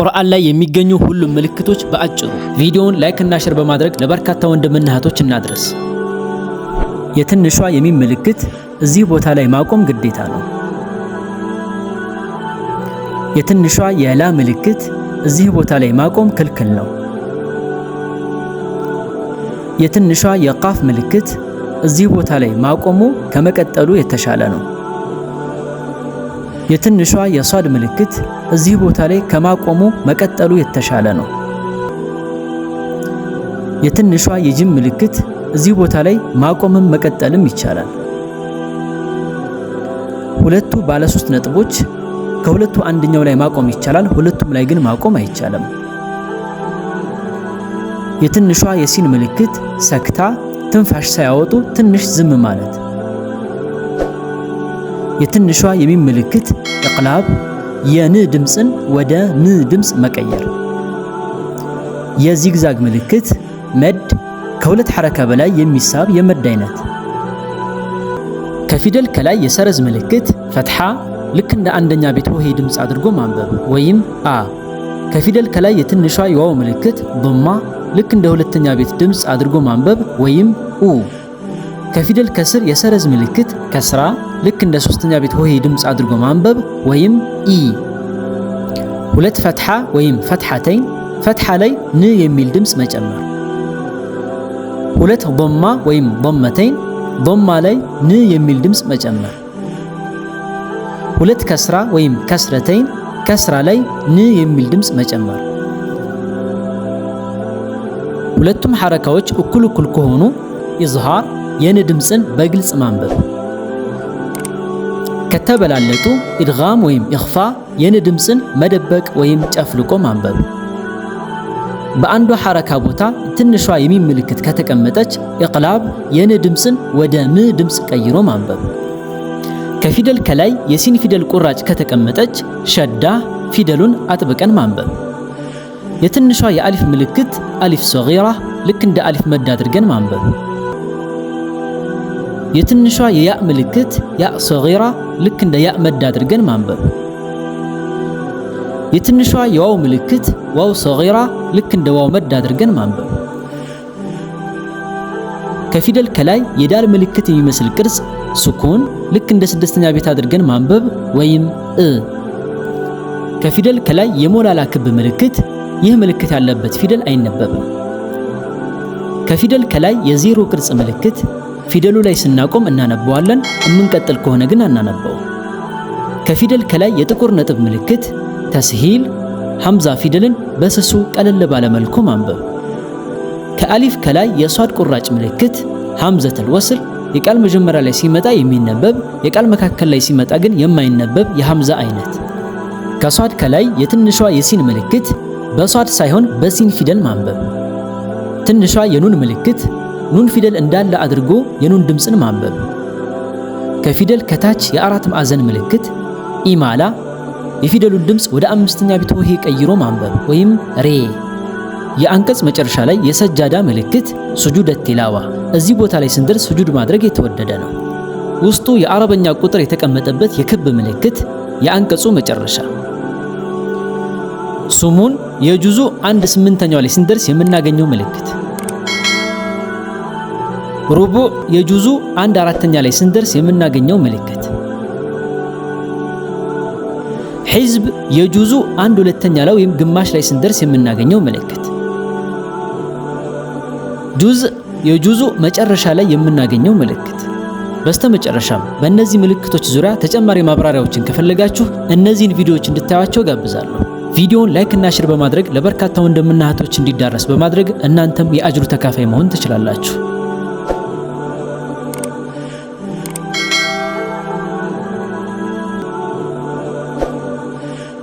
ቁርአን ላይ የሚገኙ ሁሉም ምልክቶች በአጭሩ። ቪዲዮውን ላይክ እና ሼር በማድረግ ለበርካታ ወንድምና እህቶች እናድረስ። የትንሿ የሚም ምልክት እዚህ ቦታ ላይ ማቆም ግዴታ ነው። የትንሿ የላ ምልክት እዚህ ቦታ ላይ ማቆም ክልክል ነው። የትንሿ የቃፍ ምልክት እዚህ ቦታ ላይ ማቆሙ ከመቀጠሉ የተሻለ ነው። የትንሿ የሷድ ምልክት እዚህ ቦታ ላይ ከማቆሙ መቀጠሉ የተሻለ ነው። የትንሿ የጅም ምልክት እዚህ ቦታ ላይ ማቆምም መቀጠልም ይቻላል። ሁለቱ ባለ ሶስት ነጥቦች ከሁለቱ አንደኛው ላይ ማቆም ይቻላል። ሁለቱም ላይ ግን ማቆም አይቻልም። የትንሿ የሲን ምልክት ሰክታ ትንፋሽ ሳያወጡ ትንሽ ዝም ማለት የትንሿ የሚም ምልክት እቅላብ የን ድምፅን ወደ ን ድምፅ መቀየር። የዚግዛግ ምልክት መድ ከሁለት ሐረካ በላይ የሚሳብ የመድ አይነት። ከፊደል ከላይ የሰረዝ ምልክት ፈትሓ ልክ እንደ አንደኛ ቤት ሆሄ ድምፅ አድርጎ ማንበብ ወይም አ። ከፊደል ከላይ የትንሿ የዋው ምልክት ዶማ ልክ እንደ ሁለተኛ ቤት ድምፅ አድርጎ ማንበብ ወይም ኡ። ከፊደል ከስር የሰረዝ ምልክት ከስራ ልክ እንደ ሶስተኛ ቤት ሆሄ ድምፅ አድርጎ ማንበብ ወይም ኢ። ሁለት ፈትሓ ወይም ፈትሓተይን፣ ፈትሓ ላይ ን የሚል ድምፅ መጨመር። ሁለት ቦማ ወይም ዶመተይን፣ ዶማ ላይ ን የሚል ድምፅ መጨመር። ሁለት ከስራ ወይም ከስረተይን፣ ከስራ ላይ ን የሚል ድምፅ መጨመር። ሁለቱም ሐረካዎች እኩል እኩል ከሆኑ ኢዝሃር የን ድምፅን በግልጽ ማንበብ። ከተበላለጡ ኢድጋም ወይም ኢኽፋ የን ድምፅን መደበቅ ወይም ጨፍልቆ ማንበብ። በአንዷ ሐረካ ቦታ ትንሿ የሚም ምልክት ከተቀመጠች ኢቅላብ የን ድምፅን ወደ ም ድምፅ ቀይሮ ማንበብ። ከፊደል ከላይ የሲን ፊደል ቁራጭ ከተቀመጠች ሸዳ ፊደሉን አጥብቀን ማንበብ። የትንሿ የአሊፍ ምልክት አሊፍ ሰጊራ ልክ እንደ አሊፍ መድ አድርገን ማንበብ። የትንሿ የያ ምልክት ያ ሰጊራ ልክ እንደ ያ መድ አድርገን ማንበብ። የትንሿ የዋው ምልክት ዋው ሰጊራ ልክ እንደ ዋው መድ አድርገን ማንበብ። ከፊደል ከላይ የዳል ምልክት የሚመስል ቅርጽ ስኩን ልክ እንደ ስድስተኛ ቤት አድርገን ማንበብ ወይም እ። ከፊደል ከላይ የሞላላ ክብ ምልክት፣ ይህ ምልክት ያለበት ፊደል አይነበብም። ከፊደል ከላይ የዜሮ ቅርጽ ምልክት ፊደሉ ላይ ስናቆም እናነበዋለን። እምንቀጥል ከሆነ ግን አናነበው። ከፊደል ከላይ የጥቁር ነጥብ ምልክት ተስሂል ሐምዛ ፊደልን በስሱ ቀለል ባለ መልኩ ማንበብ። ከአሊፍ ከላይ የሷድ ቁራጭ ምልክት ሐምዘተል ወስል የቃል መጀመሪያ ላይ ሲመጣ የሚነበብ የቃል መካከል ላይ ሲመጣ ግን የማይነበብ የሐምዛ አይነት። ከሷድ ከላይ የትንሿ የሲን ምልክት በሷድ ሳይሆን በሲን ፊደል ማንበብ። ትንሿ የኑን ምልክት ኑን ፊደል እንዳለ አድርጎ የኑን ድምፅን ማንበብ። ከፊደል ከታች የአራት ማዕዘን ምልክት ኢማላ የፊደሉን ድምፅ ወደ አምስተኛ ቢትሆሄ ቀይሮ ማንበብ ወይም ሬ። የአንቀጽ መጨረሻ ላይ የሰጃዳ ምልክት ሱጁደ ቲላዋ። እዚህ ቦታ ላይ ስንደርስ ሱጁድ ማድረግ የተወደደ ነው። ውስጡ የአረበኛ ቁጥር የተቀመጠበት የክብ ምልክት የአንቀጹ መጨረሻ። ሱሙን የጁዙ አንድ ስምንተኛው ላይ ስንደርስ የምናገኘው ምልክት ሩቡዕ የጁዙ አንድ አራተኛ ላይ ስንደርስ የምናገኘው ምልክት ሒዝብ የጁዙ አንድ ሁለተኛ ላይ ወይም ግማሽ ላይ ስንደርስ የምናገኘው ምልክት ጁዝ የጁዙ መጨረሻ ላይ የምናገኘው ምልክት። በስተመጨረሻም በእነዚህ ምልክቶች ዙሪያ ተጨማሪ ማብራሪያዎችን ከፈለጋችሁ እነዚህን ቪዲዮዎች እንድታያቸው ጋብዛለሁ። ቪዲዮውን ላይክ እና ሼር በማድረግ ለበርካታ ወንድምና እህቶች እንዲዳረስ በማድረግ እናንተም የአጅሩ ተካፋይ መሆን ትችላላችሁ።